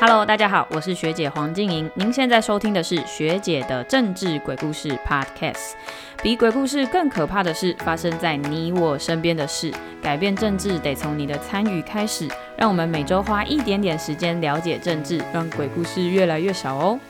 Hello，大家好，我是學姐黃瀞瑩。您現在收聽的是學姐的政治鬼故事 Podcast。比鬼故事更可怕的是發生在你我身邊的事。改變政治得從你的參與開始。讓我們每周花一點點時間了解政治，讓鬼故事越來越少哦。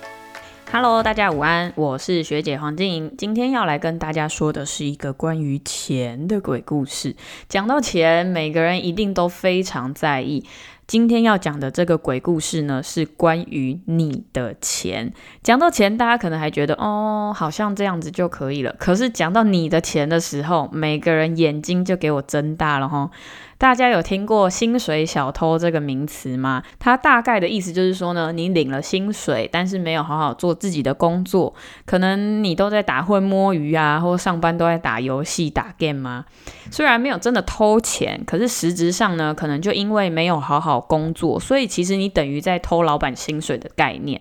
Hello，大家午安，我是學姐黃瀞瑩。今天要來跟大家說的是一個關於錢的鬼故事。講到錢，每個人一定都非常在意。今天要講的這個鬼故事呢，是關於你的錢。講到錢，大家可能還覺得哦，好像這樣子就可以了。可是講到你的錢的時候，每個人眼睛就給我睜大了哈。大家有聽過薪水小偷這個名詞嗎？它大概的意思就是說呢，你領了薪水，但是沒有好好做自己的工作，可能你都在打混摸魚啊，或上班都在打遊戲打 game 嗎？雖然沒有真的偷錢，可是實質上呢，可能就因為沒有好好。工作，所以其實你等於在偷老板薪水的概念。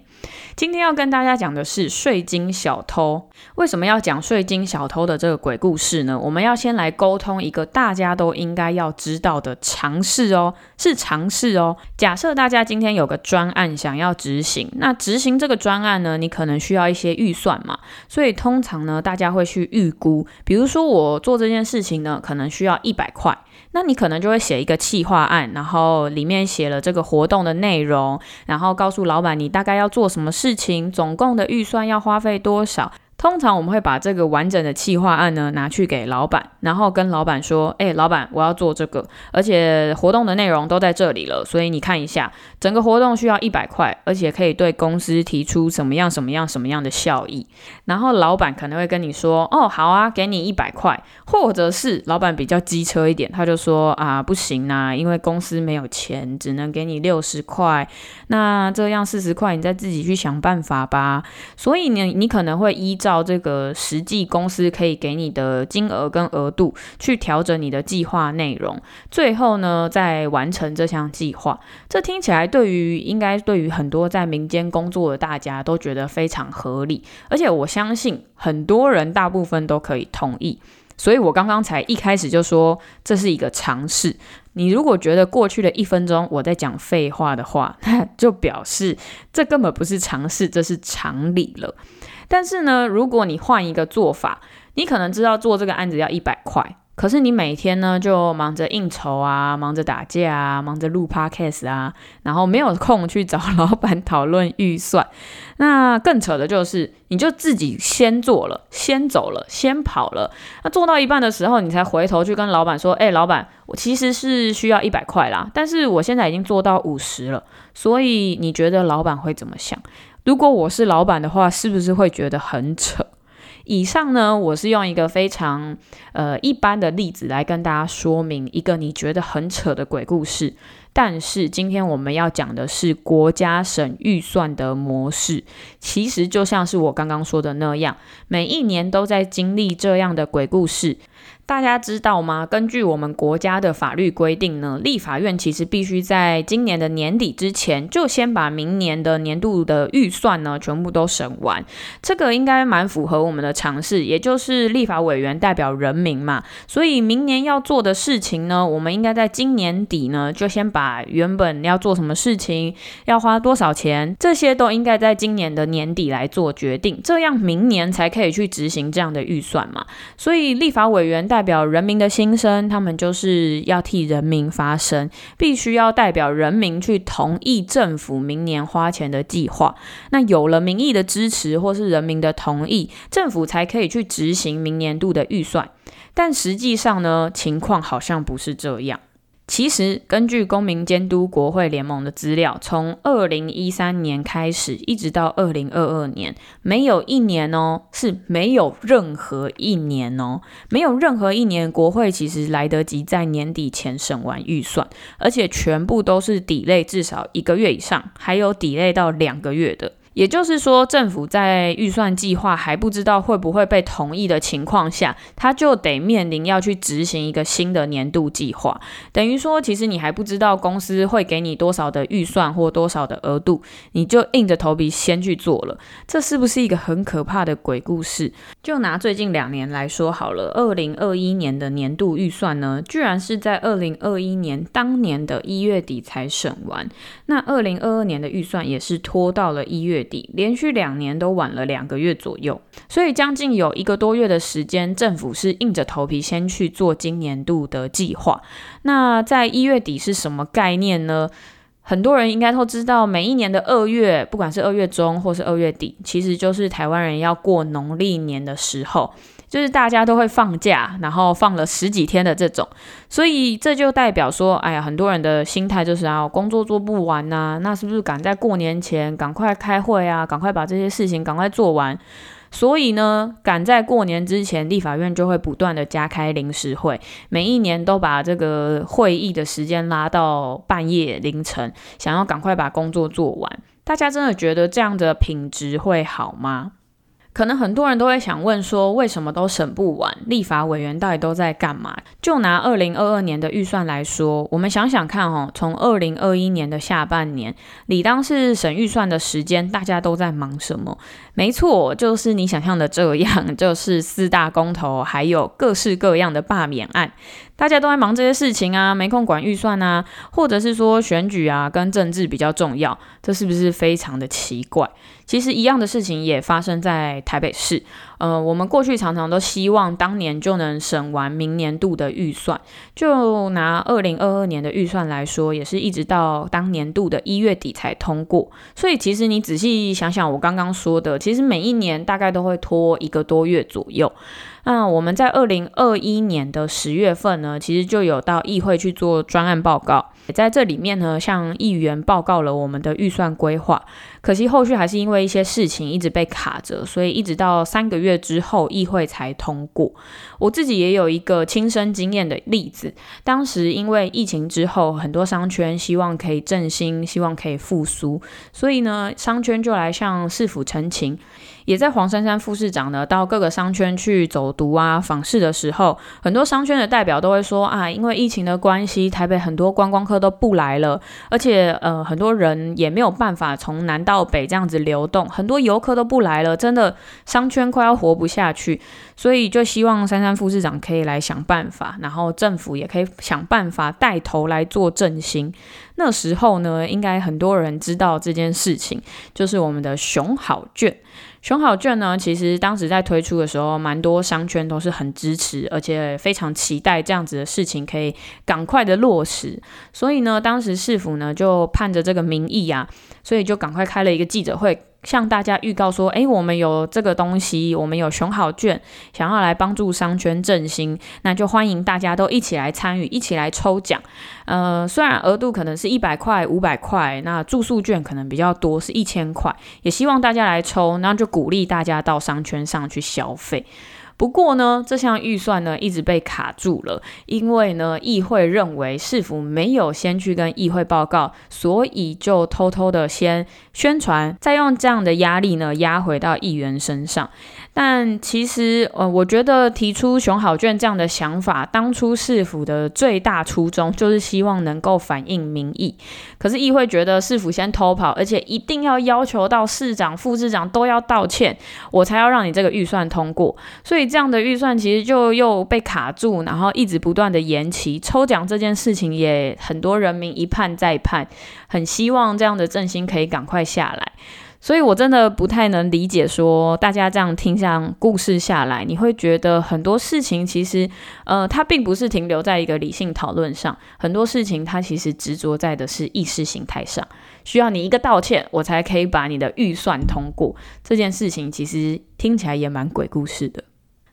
今天要跟大家講的是稅金小偷，為什麼要講稅金小偷的這個鬼故事呢？我們要先來溝通一個大家都應該要知道的常識哦，是常識哦。假設大家今天有個專案想要執行，那執行這個專案呢，你可能需要一些預算嘛，所以通常呢，大家會去預估，比如說我做這件事情呢，可能需要一百塊，那你可能就會寫一個企劃案，然後裡面寫了這個活動的內容，然後告訴老闆你大概要做。什麼事情？總共的預算要花費多少？通常我們會把這個完整的企劃案呢拿去給老闆，然後跟老闆說：“哎、欸，老闆，我要做這個，而且活動的內容都在這裡了，所以你看一下，整個活動需要一百塊，而且可以對公司提出什麼樣、什麼樣、什麼樣的效益。”然後老闆可能會跟你說：“哦，好啊，給你一百塊。”或者是老闆比較機車一點，他就說：“啊，不行吶、啊，因為公司沒有錢，只能給你六十塊，那這樣四十塊你再自己去想辦法吧。”所以呢，你可能會依照，到這個實際公司可以給你的金額跟額度去調整你的計劃內容，最後呢再完成這項計劃。這聽起來對於應該對於很多在民間工作的大家都覺得非常合理，而且我相信很多人大部分都可以同意。所以我剛剛才一開始就說，這是一個常識。你如果覺得過去的一分鐘我在講廢話的話，那就表示這根本不是常識，這是常理了。但是呢，如果你換一個做法，你可能知道做這個案子要一百塊，可是你每天呢就忙着應酬啊，忙着打架啊，忙着錄 podcast 啊，然後沒有空去找老板討論預算。那更扯的就是，你就自己先做了，先走了，先跑了。那做到一半的時候，你才回頭去跟老板說：“誒、欸，老板，我其實是需要一百塊啦，但是我現在已經做到五十了。”所以你覺得老板會怎麼想？如果我是老闆的話，是不是會覺得很扯？以上呢，我是用一個非常呃一般的例子來跟大家說明一個你覺得很扯的鬼故事。但是今天我們要講的是國家省預算的模式，其實就像是我剛剛說的那樣，每一年都在經歷這樣的鬼故事。大家知道嗎？根據我們國家的法律規定呢，立法院其實必須在今年的年底之前，就先把明年的年度的預算呢全部都審完。這個應該蠻符合我們的常識，也就是立法委員代表人民嘛。所以明年要做的事情呢，我們應該在今年底呢，就先把原本要做什麼事情、要花多少錢，這些都應該在今年的年底來做決定，這樣明年才可以去執行這樣的預算嘛。所以立法委員代表。代表人民的心聲，他們就是要替人民發聲，必須要代表人民去同意政府明年花錢的計劃。那有了民意的支持或是人民的同意，政府才可以去執行明年度的預算。但實際上呢，情況好像不是這樣。其實，根據公民監督國會聯盟的資料，從二零一三年開始，一直到二零二二年，沒有一年哦，是沒有任何一年哦，沒有任何一年國會其實來得及在年底前審完預算，而且全部都是 delay 至少一個月以上，還有 delay 到兩個月的。也就是說，政府在預算計劃還不知道會不會被同意的情況下，他就得面臨要去執行一個新的年度計劃。等於說，其實你還不知道公司會給你多少的預算或多少的額度，你就硬着頭皮先去做了。這是不是一個很可怕的鬼故事？就拿最近兩年來說好了，二零二一年的年度預算呢，居然是在二零二一年當年的一月底才審完。那二零二二年的預算也是拖到了一月底。連續兩年都晚了兩個月左右，所以將近有一個多月的時間，政府是硬着頭皮先去做今年度的計劃。那在一月底是什麼概念呢？很多人應該都知道，每一年的二月，不管是二月中或是二月底，其實就是台灣人要過農曆年的時候。就是大家都會放假，然後放了十幾天的這種，所以這就代表說，哎呀，很多人的心態就是啊，我工作做不完呐、啊，那是不是趕在過年前趕快開會啊，趕快把這些事情趕快做完？所以呢，趕在過年之前，立法院就會不斷的加開臨時會，每一年都把這個會議的時間拉到半夜凌晨，想要趕快把工作做完。大家真的覺得這樣的品質會好嗎？可能很多人都會想問說，為什麼都審不完？立法委員到底都在幹嘛？就拿二零二二年的預算來說，我們想想看哦，從二零二一年的下半年，理當是審預算的時間，大家都在忙什麼？沒錯，就是你想象的這樣，就是四大公投，還有各式各樣的罷免案，大家都在忙這些事情啊，沒空管預算啊，或者是說選舉啊，跟政治比較重要，這是不是非常的奇怪？其實一樣的事情也發生在台北市。呃，我們過去常常都希望當年就能審完明年度的預算，就拿二零二二年的預算來說，也是一直到當年度的一月底才通過。所以，其實你仔細想想，我剛剛說的，其實每一年大概都會拖一個多月左右。那、嗯、我們在二零二一年的十月份呢，其實就有到議會去做專案報告，也在這裡面呢向議員報告了我們的預算規劃。可惜後續還是因為一些事情一直被卡着，所以一直到三個月之後議會才通過。我自己也有一個親身經驗的例子，當時因為疫情之後，很多商圈希望可以振興，希望可以復甦，所以呢商圈就來向市府陳情也在黃珊珊副市長呢到各個商圈去走讀啊訪視的時候，很多商圈的代表都會說啊，因為疫情的關係，台北很多觀光客都不來了，而且呃很多人也沒有辦法從南到北這樣子流動，很多遊客都不來了，真的商圈快要活不下去，所以就希望珊珊副市長可以來想辦法，然後政府也可以想辦法帶頭來做振興。那時候呢，應該很多人知道這件事情，就是我們的熊好券。熊好券呢，其實當時在推出的時候，蠻多商圈都是很支持，而且非常期待這樣子的事情可以趕快的落實。所以呢，當時市府呢就盼着這個民意啊，所以就趕快開了一個記者會。向大家預告說，哎，我們有這個東西，我們有熊好券，想要來幫助商圈振興，那就歡迎大家都一起來參與，一起來抽獎。呃，雖然額度可能是一百塊、五百塊，那住宿券可能比較多，是一千塊，也希望大家來抽，那就鼓勵大家到商圈上去消費。不過呢，這項預算呢，一直被卡住了，因為呢，議會認為市府沒有先去跟議會報告，所以就偷偷的先宣傳，再用這樣的壓力呢壓回到議員身上。但其實，呃，我覺得提出熊好券這樣的想法，當初市府的最大初衷就是希望能夠反映民意。可是議會覺得市府先偷跑，而且一定要要求到市長、副市長都要道歉，我才要讓你這個預算通過。所以這樣的預算其實就又被卡住，然後一直不斷的延期。抽獎這件事情也很多人民一盼再盼，很希望這樣的振興可以趕快下來。所以，我真的不太能理解，說大家這樣聽像故事下來，你會覺得很多事情其實，呃，它並不是停留在一個理性討論上，很多事情它其實執着在的是意識形態上，需要你一個道歉，我才可以把你的預算通過。這件事情其實聽起來也蠻鬼故事的。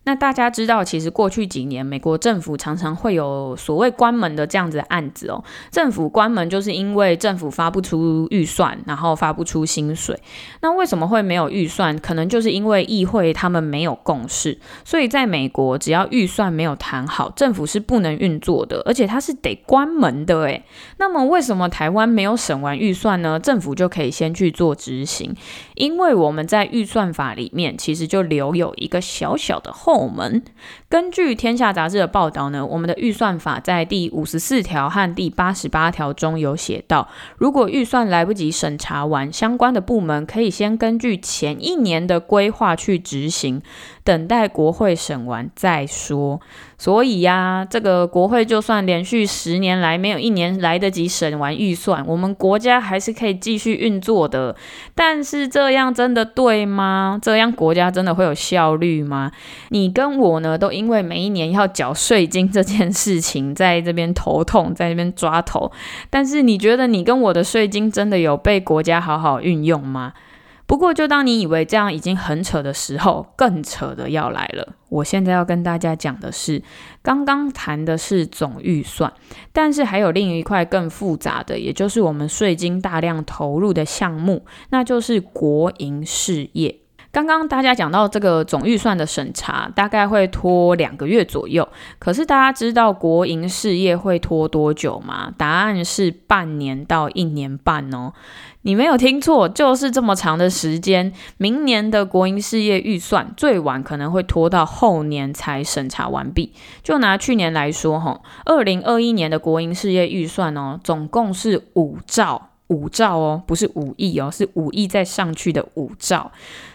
那大家知道，其實過去幾年，美國政府常常會有所謂“關門”的這樣子的案子哦。政府關門就是因為政府發不出預算，然後發不出薪水。那為什麼會沒有預算？可能就是因為議會他們沒有共識。所以，在美國，只要預算沒有談好，政府是不能運作的，而且它是得關門的。誒，那麼為什麼台灣沒有審完預算呢？政府就可以先去做執行？因為我們在預算法裡面其實就留有一個小小的後門。根據《天下雜誌》的報道呢，我們的預算法在第五十四條和第八十八條中有寫到，如果預算來不及審查完，相關的部門可以先根據前一年的規劃去執行，等待國會審完再說。所以呀、啊，這個國會就算連續十年來沒有一年來得及審完預算，我們國家還是可以繼續運作的。但是這樣真的對嗎？這樣國家真的會有效率嗎？你跟我呢，都因為每一年要繳稅金這件事情，在這邊頭痛，在這邊抓頭。但是你覺得你跟我的稅金真的有被國家好好運用嗎？不過，就當你以為這樣已經很扯的時候，更扯的要來了。我現在要跟大家講的是，剛剛談的是總預算，但是還有另一塊更複雜的，也就是我們稅金大量投入的項目，那就是國營事業。剛剛大家講到這個總預算的審查大概會拖兩個月左右，可是大家知道國營事業會拖多久嗎？答案是半年到一年半哦，你沒有聽錯，就是這麼長的時間。明年的國營事業預算最晚可能會拖到後年才審查完畢。就拿去年來說，吼，二零二一年的國營事業預算哦，總共是五兆。五兆哦，不是五億哦，是五億再上去的五兆。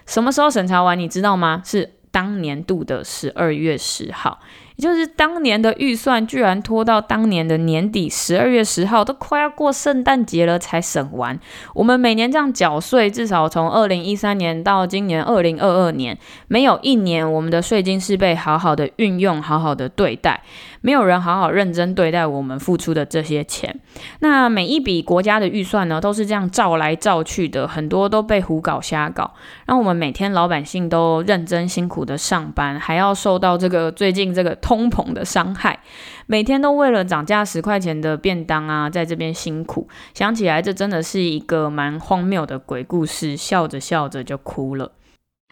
什麼時候審查完？你知道嗎？是當年度的十二月十號。就是當年的預算居然拖到當年的年底十二月十號，都快要過聖誕節了才審完。我們每年這樣繳稅，至少從二零一三年到今年二零二二年，沒有一年我們的稅金是被好好的運用、好好的對待，沒有人好好認真對待我們付出的這些錢。那每一筆國家的預算呢，都是這樣照來照去的，很多都被胡搞瞎搞，讓我們每天老百姓都認真辛苦的上班，還要受到這個最近這個。通膨的傷害，每天都為了漲價十塊錢的便當啊，在這邊辛苦。想起來，這真的是一個蠻荒謬的鬼故事，笑着笑着就哭了。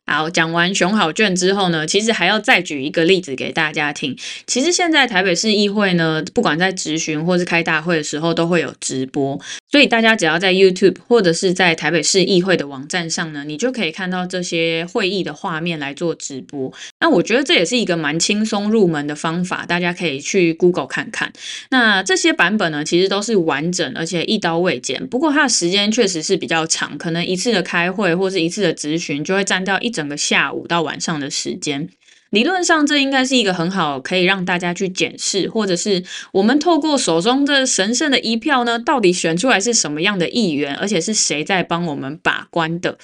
好，講完熊好券之後呢，其實還要再舉一個例子給大家聽。其實現在台北市議會呢，不管在質詢或是開大會的時候，都會有直播。所以大家只要在 YouTube 或者是在台北市議會的網站上呢，你就可以看到這些會議的畫面來做直播。那我覺得這也是一個蠻輕鬆入門的方法，大家可以去 Google 看看。那這些版本呢，其實都是完整而且一刀未剪，不過它的時間確實是比較長，可能一次的開會或是一次的質詢就會占掉一。整個下午到晚上的時間，理論上這應該是一個很好可以讓大家去檢視，或者是我們透過手中的神聖的一票呢，到底選出來是什麼樣的議員，而且是誰在幫我們把關的。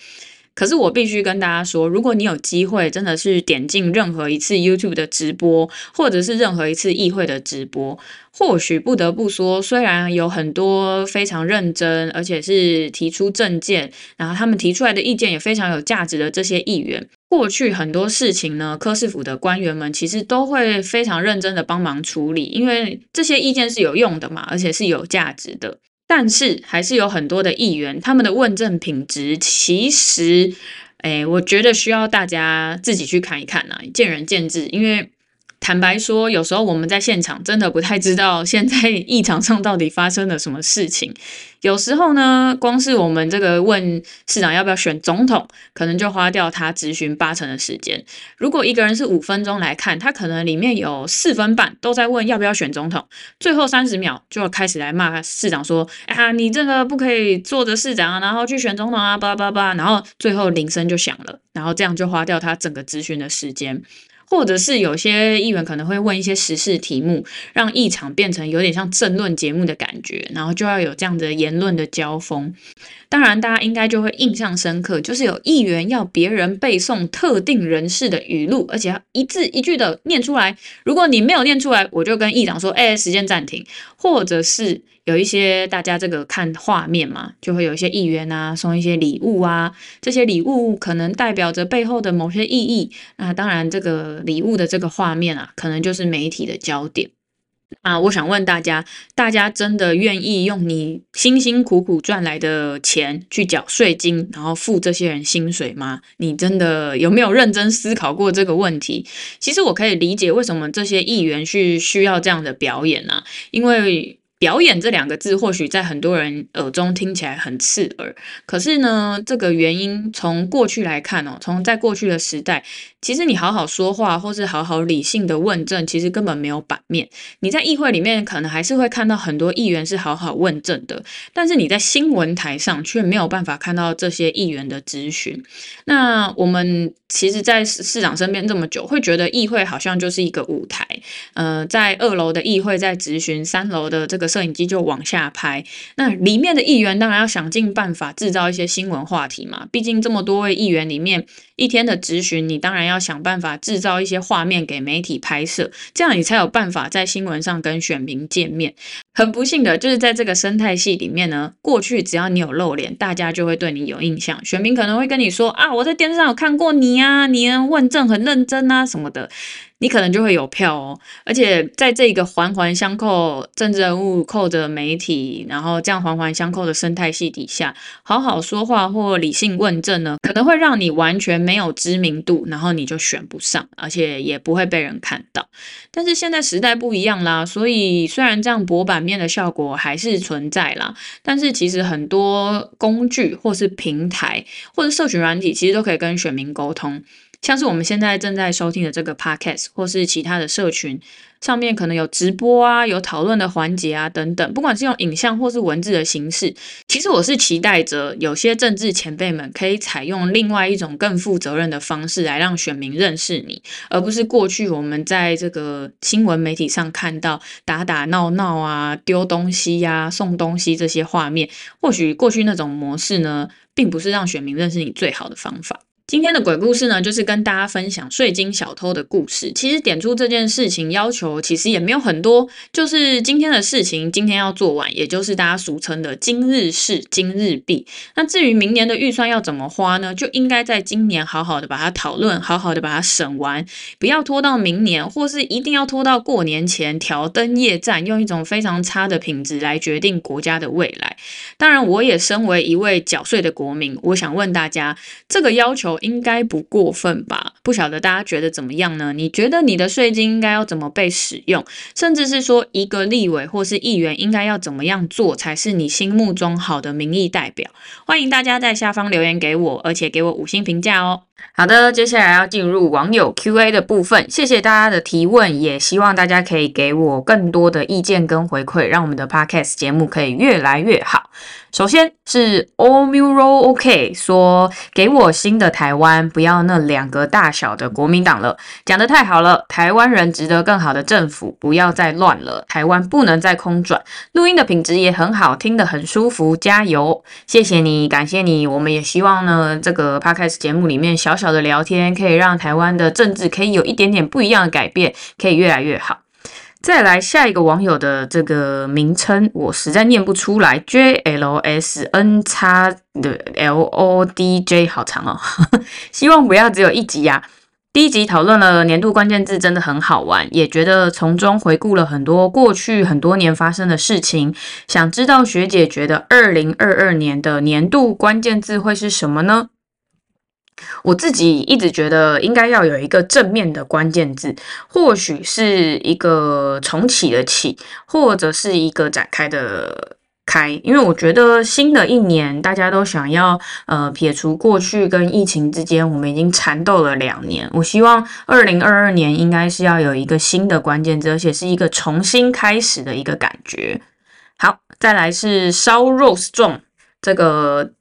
可是我必須跟大家說，如果你有機會，真的是點進任何一次 YouTube 的直播，或者是任何一次議會的直播，或許不得不說，雖然有很多非常認真，而且是提出政見，然後他們提出來的意見也非常有價值的這些議員，過去很多事情呢，柯市府的官員們其實都會非常認真的幫忙處理，因為這些意見是有用的嘛，而且是有價值的。但是還是有很多的議員，他們的問政品質，其實，哎、欸，我覺得需要大家自己去看一看啊，見仁見智，因為。坦白說，有時候我們在現場真的不太知道現在議場上到底發生了什麼事情。有時候呢，光是我們這個問市長要不要選總統，可能就花掉他質詢八成的時間。如果一個人是五分鐘來看，他可能裡面有四分半都在問要不要選總統，最後三十秒就開始來罵市長說：“啊，你這個不可以坐着市長啊，然後去選總統啊，叭叭叭。”然後最後鈴聲就響了，然後這樣就花掉他整個質詢的時間。或者是有些議員可能會問一些時事題目，讓議場變成有點像政論節目的感覺，然後就要有這樣的言論的交鋒。當然，大家應該就會印象深刻，就是有議員要別人背誦特定人士的語錄，而且要一字一句的念出來。如果你沒有念出來，我就跟議長說，誒，時間暫停。或者是有一些大家這個看畫面嘛，就會有一些議員啊送一些禮物啊，這些禮物可能代表着背後的某些意義。那當然，這個禮物的這個畫面啊，可能就是媒體的焦點。啊，我想問大家：大家真的願意用你辛辛苦苦賺來的錢去繳稅金，然後付這些人薪水嗎？你真的有沒有認真思考過這個問題？其實我可以理解為什麼這些議員去需要這樣的表演呢、啊？因為“表演”這兩個字，或許在很多人耳中聽起來很刺耳。可是呢，這個原因從過去來看哦，從在過去的時代。其實你好好說話，或是好好理性的問政，其實根本沒有版面。你在議會裡面可能還是會看到很多議員是好好問政的，但是你在新聞台上卻沒有辦法看到這些議員的質詢。那我們其實，在市市長身邊這麼久，會覺得議會好像就是一個舞台。呃，在二樓的議會，在質詢，三樓的這個攝影機就往下拍。那裡面的議員當然要想盡辦法制造一些新聞話題嘛，畢竟這麼多位議員裡面。一天的質詢，你當然要想辦法製造一些畫面給媒體拍攝，這樣你才有辦法在新聞上跟選民見面。很不幸的就是在這個生態系裡面呢，過去只要你有露臉，大家就會對你有印象，選民可能會跟你說啊，我在電視上有看過你啊，你問政很認真啊什麼的，你可能就會有票哦，而且在這個環環相扣，政治人物扣着媒體，然後這樣環環相扣的生態系底下，好好說話或理性問政呢，可能會讓你完全沒有知名度，然後你就選不上，而且也不會被人看到。但是現在時代不一樣啦，所以雖然這樣搏版面的效果還是存在啦，但是其實很多工具或是平台或者社群軟體，其實都可以跟選民溝通。像是我們現在正在收聽的這個 podcast，或是其他的社群上面，可能有直播啊、有討論的環節啊等等，不管是用影像或是文字的形式，其實我是期待着有些政治前輩們可以採用另外一種更負責任的方式來讓選民認識你，而不是過去我們在這個新聞媒體上看到打打鬧鬧啊、丟東西呀、啊、送東西這些畫面。或許過去那種模式呢，並不是讓選民認識你最好的方法。今天的鬼故事呢，就是跟大家分享稅金小偷的故事。其實點出這件事情要求，其實也沒有很多，就是今天的事情，今天要做完，也就是大家俗稱的今日事今日畢。那至於明年的預算要怎麼花呢？就應該在今年好好的把它討論，好好的把它審完，不要拖到明年，或是一定要拖到過年前挑燈夜戰，用一種非常差的品質來決定國家的未來。當然，我也身為一位繳稅的國民，我想問大家，這個要求。應該不過分吧。不曉得大家覺得怎麼樣呢？你覺得你的稅金應該要怎麼被使用？甚至是說一個立委或是議員應該要怎麼樣做，才是你心目中好的民意代表？歡迎大家在下方留言給我，而且給我五星評價哦。好的，接下來要進入網友 Q&A 的部分。謝謝大家的提問，也希望大家可以給我更多的意見跟回饋，讓我們的 Podcast 節目可以越來越好。首先是 Omiro OK 說：“給我新的台灣，不要那兩個大。”小的國民黨了，講得太好了，台灣人值得更好的政府，不要再亂了，台灣不能再空轉。錄音的品質也很好，聽得很舒服，加油，謝謝你，感謝你。我們也希望呢，這個 podcast 節目裡面小小的聊天，可以讓台灣的政治可以有一點點不一樣的改變，可以越來越好。再來下一個網友的這個名稱，我實在念不出來，J L S N X 的 L O D J，好長哦呵呵，希望不要只有一集呀、啊。第一集討論了年度關鍵字，真的很好玩，也覺得從中回顧了很多過去很多年發生的事情。想知道學姐覺得二零二二年的年度關鍵字會是什麼呢？我自己一直覺得應該要有一個正面的關鍵字，或許是一個重啟的啟，或者是一個展開的開。因為我覺得新的一年大家都想要呃撇除過去跟疫情之間，我們已經纏鬥了兩年。我希望二零二二年應該是要有一個新的關鍵字，而且是一個重新開始的一個感覺。好，再來是燒肉粽這個。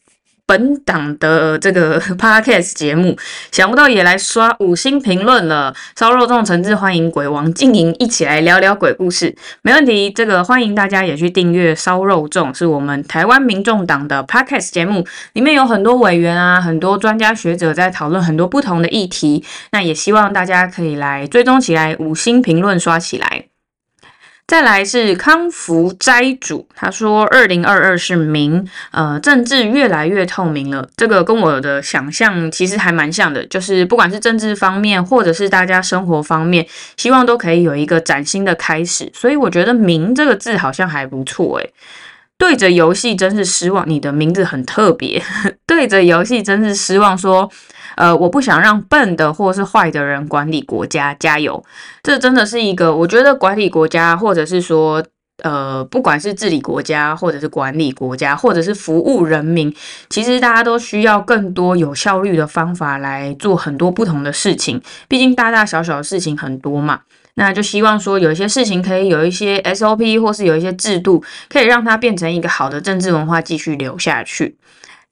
本檔的這個 podcast 節目，想不到也來刷五星評論了。燒肉粽誠摯歡迎鬼王瀞瑩一起來聊聊鬼故事，沒問題。這個歡迎大家也去訂閱燒肉粽，是我們台灣民眾黨的 podcast 節目，裡面有很多委員啊，很多專家學者在討論很多不同的議題。那也希望大家可以來追蹤起來，五星評論刷起來。再來是康福齋主，他說：“二零二二是明，呃，政治越來越透明了。這個跟我的想象其實還蠻像的，就是不管是政治方面，或者是大家生活方面，希望都可以有一個嶄新的開始。所以我覺得‘明’這個字好像還不錯。誒，對着遊戲真是失望。你的名字很特別， 對着遊戲真是失望。”說。呃，我不想讓笨的或是壞的人管理國家。加油，這真的是一個我覺得管理國家，或者是說，呃，不管是治理國家，或者是管理國家，或者是服務人民，其實大家都需要更多有效率的方法來做很多不同的事情。畢竟大大小小的事情很多嘛，那就希望說有一些事情可以有一些 SOP，或是有一些制度，可以讓它變成一個好的政治文化繼續留下去。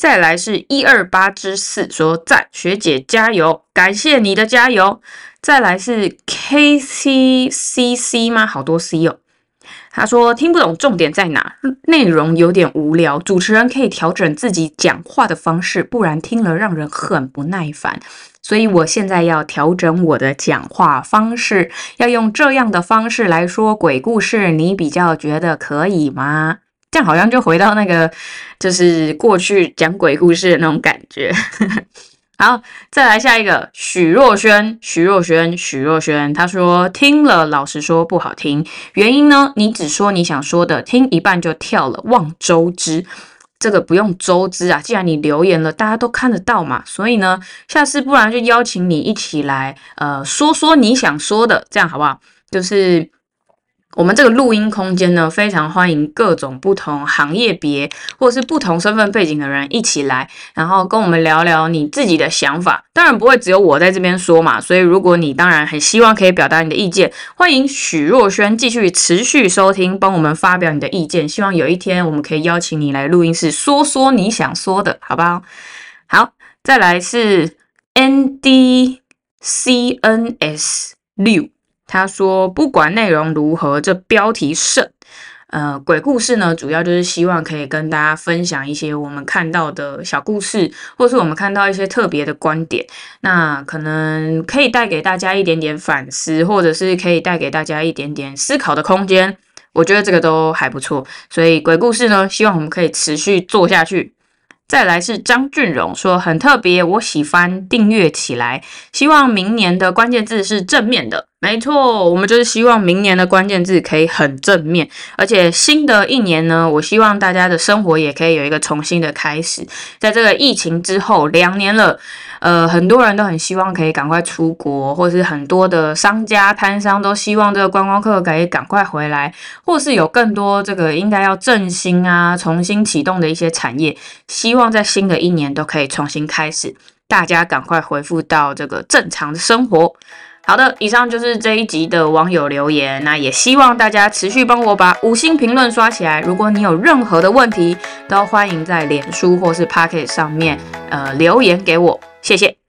再來是一二八之四，4，說讚學姐加油，感謝你的加油。再來是 K C C C 嗎？好多 C 哦。他說聽不懂，重點在哪？內容有點無聊，主持人可以調整自己講話的方式，不然聽了讓人很不耐煩。所以我現在要調整我的講話方式，要用這樣的方式來說鬼故事，你比較覺得可以嗎？這樣好像就回到那個，就是過去講鬼故事的那種感覺。 好，再來下一個，許若萱，許若萱，許若萱，他說聽了，老實說不好聽。原因呢，你只說你想說的，聽一半就跳了。望周知，這個不用周知啊，既然你留言了，大家都看得到嘛。所以呢，下次不然就邀請你一起來，呃，說說你想說的，這樣好不好？就是。我們這個錄音空間呢，非常歡迎各種不同行業別或者是不同身份背景的人一起來，然後跟我們聊聊你自己的想法。當然不會只有我在這邊說嘛，所以如果你當然很希望可以表達你的意見，歡迎許若軒繼續持續收聽，幫我們發表你的意見。希望有一天我們可以邀請你來錄音室說說你想說的，好不好？好，再來是 N D C N S 六。他說：“不管內容如何，這標題是呃，鬼故事呢，主要就是希望可以跟大家分享一些我們看到的小故事，或是我們看到一些特別的觀點，那可能可以帶給大家一點點反思，或者是可以帶給大家一點點思考的空間。我覺得這個都還不錯。所以鬼故事呢，希望我們可以持續做下去。再來是張俊榮說很特別，我喜歡訂閱起來，希望明年的關鍵字是正面的。”沒錯，我們就是希望明年的關鍵字可以很正面，而且新的一年呢，我希望大家的生活也可以有一個重新的開始。在這個疫情之後兩年了，呃，很多人都很希望可以趕快出國，或是很多的商家、攤商都希望這個觀光客可以趕快回來，或是有更多這個應該要振興啊、重新啟動的一些產業，希望在新的一年都可以重新開始，大家趕快恢復到這個正常的生活。好的，以上就是這一集的網友留言，那也希望大家持續幫我把五星評論刷起來，如果你有任何的問題，都歡迎在臉書或是 Pocket 上面，呃，留言給我，謝謝。